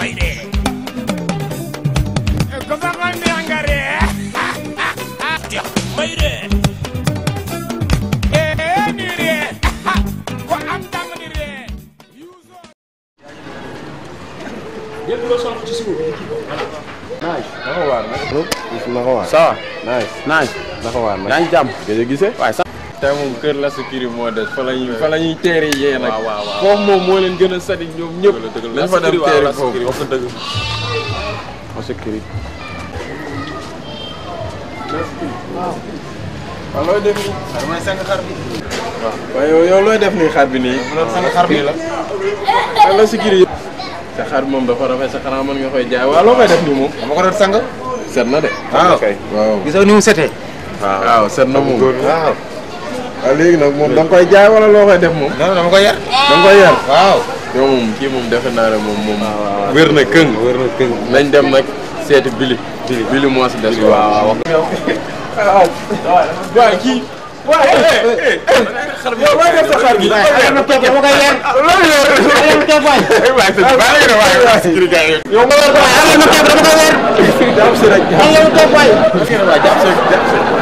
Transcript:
fay dee ko fa xool mi nga ree jox may ree ee ni ree ko am dama ni ree yëpp loo soxla ci suuf naaj naka waar nag naka waar ça naaj naaj naka waar nag yaa ngi jàmm gëj a gisee waaye tey moom kër Lassukiri moo des fa la ñuy fa la ñuy teere yee nag. foofu moom moo leen gën a sadi ñoom ñëpp. dëgg la dëgg la Lassukiri waaw Lassukiri Lassukiri. def nii. xar mooy sànq xar bi. looy def nii xar bi nii. waaw xar bi la. sa xar moom dafa rafet sa xanaa mën nga koy jaay waaw loo koy def nii moom. dama ko doon sànq. set na de. waaw waaw gisoo ni mu setee. waaw set na moom a léegi nag moom da koy jaay wala loo koy def moom. non dama koy yar. da waaw. moom kii moom defe naa ne moom moom. wér na këng na nañ dem nag seeti bili. bili bili des. waaw waaw yow waaye na koy yar.